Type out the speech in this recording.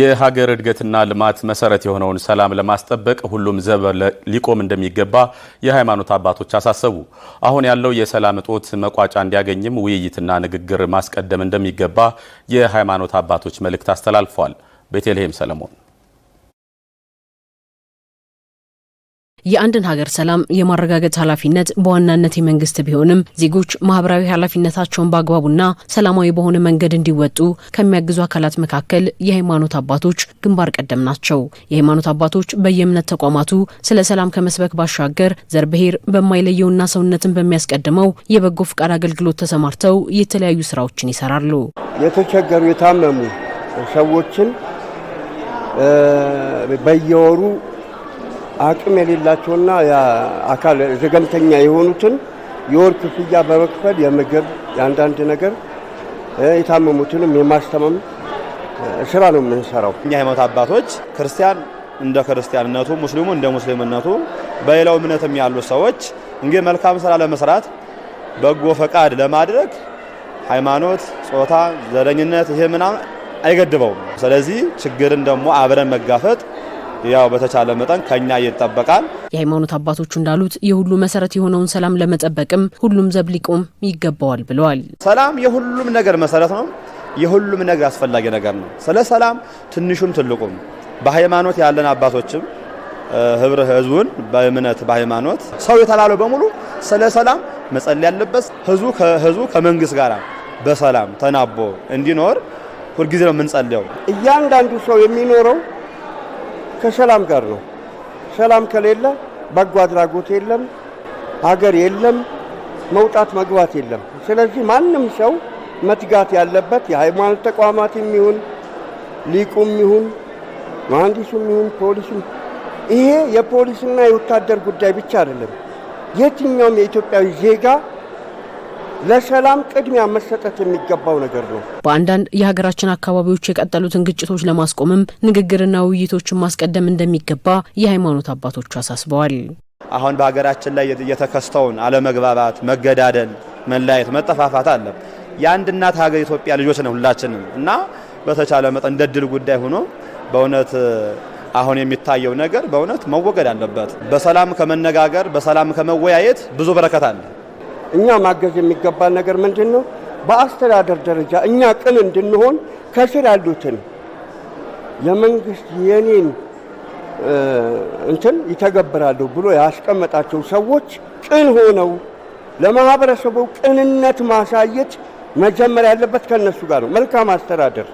የሀገር እድገትና ልማት መሰረት የሆነውን ሰላም ለማስጠበቅ ሁሉም ዘብ ሊቆም እንደሚገባ የሃይማኖት አባቶች አሳሰቡ። አሁን ያለው የሰላም እጦት መቋጫ እንዲያገኝም ውይይትና ንግግር ማስቀደም እንደሚገባ የሃይማኖት አባቶች መልእክት አስተላልፏል። ቤተልሔም ሰለሞን የአንድን ሀገር ሰላም የማረጋገጥ ኃላፊነት በዋናነት የመንግስት ቢሆንም ዜጎች ማህበራዊ ኃላፊነታቸውን በአግባቡና ሰላማዊ በሆነ መንገድ እንዲወጡ ከሚያግዙ አካላት መካከል የሃይማኖት አባቶች ግንባር ቀደም ናቸው። የሃይማኖት አባቶች በየእምነት ተቋማቱ ስለ ሰላም ከመስበክ ባሻገር ዘር፣ ብሔር በማይለየውና ሰውነትን በሚያስቀድመው የበጎ ፍቃድ አገልግሎት ተሰማርተው የተለያዩ ስራዎችን ይሰራሉ። የተቸገሩ የታመሙ ሰዎችን በየወሩ አቅም የሌላቸውና አካል ዘገምተኛ የሆኑትን የወር ክፍያ በመክፈል የምግብ የአንዳንድ ነገር የታመሙትንም የማስተመም ስራ ነው የምንሰራው። እኛ ሃይማኖት አባቶች ክርስቲያን እንደ ክርስቲያንነቱ፣ ሙስሊሙ እንደ ሙስሊምነቱ፣ በሌላው እምነትም ያሉ ሰዎች እንግዲህ መልካም ስራ ለመስራት በጎ ፈቃድ ለማድረግ ሃይማኖት፣ ጾታ፣ ዘረኝነት ይሄ ምናምን አይገድበውም። ስለዚህ ችግርን ደግሞ አብረን መጋፈጥ ያው በተቻለ መጠን ከኛ ይጠበቃል። የሃይማኖት አባቶቹ እንዳሉት የሁሉ መሰረት የሆነውን ሰላም ለመጠበቅም ሁሉም ዘብ ሊቆም ይገባዋል ብለዋል። ሰላም የሁሉም ነገር መሰረት ነው። የሁሉም ነገር አስፈላጊ ነገር ነው። ስለ ሰላም ትንሹም ትልቁም በሃይማኖት ያለን አባቶችም ህብረ ህዝቡን በእምነት በሃይማኖት ሰው የተላለው በሙሉ ስለ ሰላም መጸለይ ያለበት ህዝቡ ከህዝቡ ከመንግስት ጋር በሰላም ተናቦ እንዲኖር ሁልጊዜ ነው የምንጸልየው። እያንዳንዱ ሰው የሚኖረው ከሰላም ጋር ነው። ሰላም ከሌለ በጎ አድራጎት የለም፣ ሀገር የለም፣ መውጣት መግባት የለም። ስለዚህ ማንም ሰው መትጋት ያለበት የሃይማኖት ተቋማት ይሁን ሊቁም ይሁን መሐንዲሱም ይሁን ፖሊሱም፣ ይሄ የፖሊስና የወታደር ጉዳይ ብቻ አይደለም። የትኛውም የኢትዮጵያዊ ዜጋ ለሰላም ቅድሚያ መሰጠት የሚገባው ነገር ነው። በአንዳንድ የሀገራችን አካባቢዎች የቀጠሉትን ግጭቶች ለማስቆምም ንግግርና ውይይቶችን ማስቀደም እንደሚገባ የሃይማኖት አባቶች አሳስበዋል። አሁን በሀገራችን ላይ የተከስተውን አለመግባባት፣ መገዳደል፣ መለያየት፣ መጠፋፋት አለ። የአንድ እናት ሀገር ኢትዮጵያ ልጆች ነው ሁላችንም እና በተቻለ መጠን እንደ ድል ጉዳይ ሆኖ በእውነት አሁን የሚታየው ነገር በእውነት መወገድ አለበት። በሰላም ከመነጋገር በሰላም ከመወያየት ብዙ በረከት አለ። እኛ ማገዝ የሚገባን ነገር ምንድን ነው? በአስተዳደር ደረጃ እኛ ቅን እንድንሆን ከስር ያሉትን የመንግስት የኔን እንትን ይተገብራሉ ብሎ ያስቀመጣቸው ሰዎች ቅን ሆነው ለማህበረሰቡ ቅንነት ማሳየት መጀመር ያለበት ከእነሱ ጋር ነው። መልካም አስተዳደር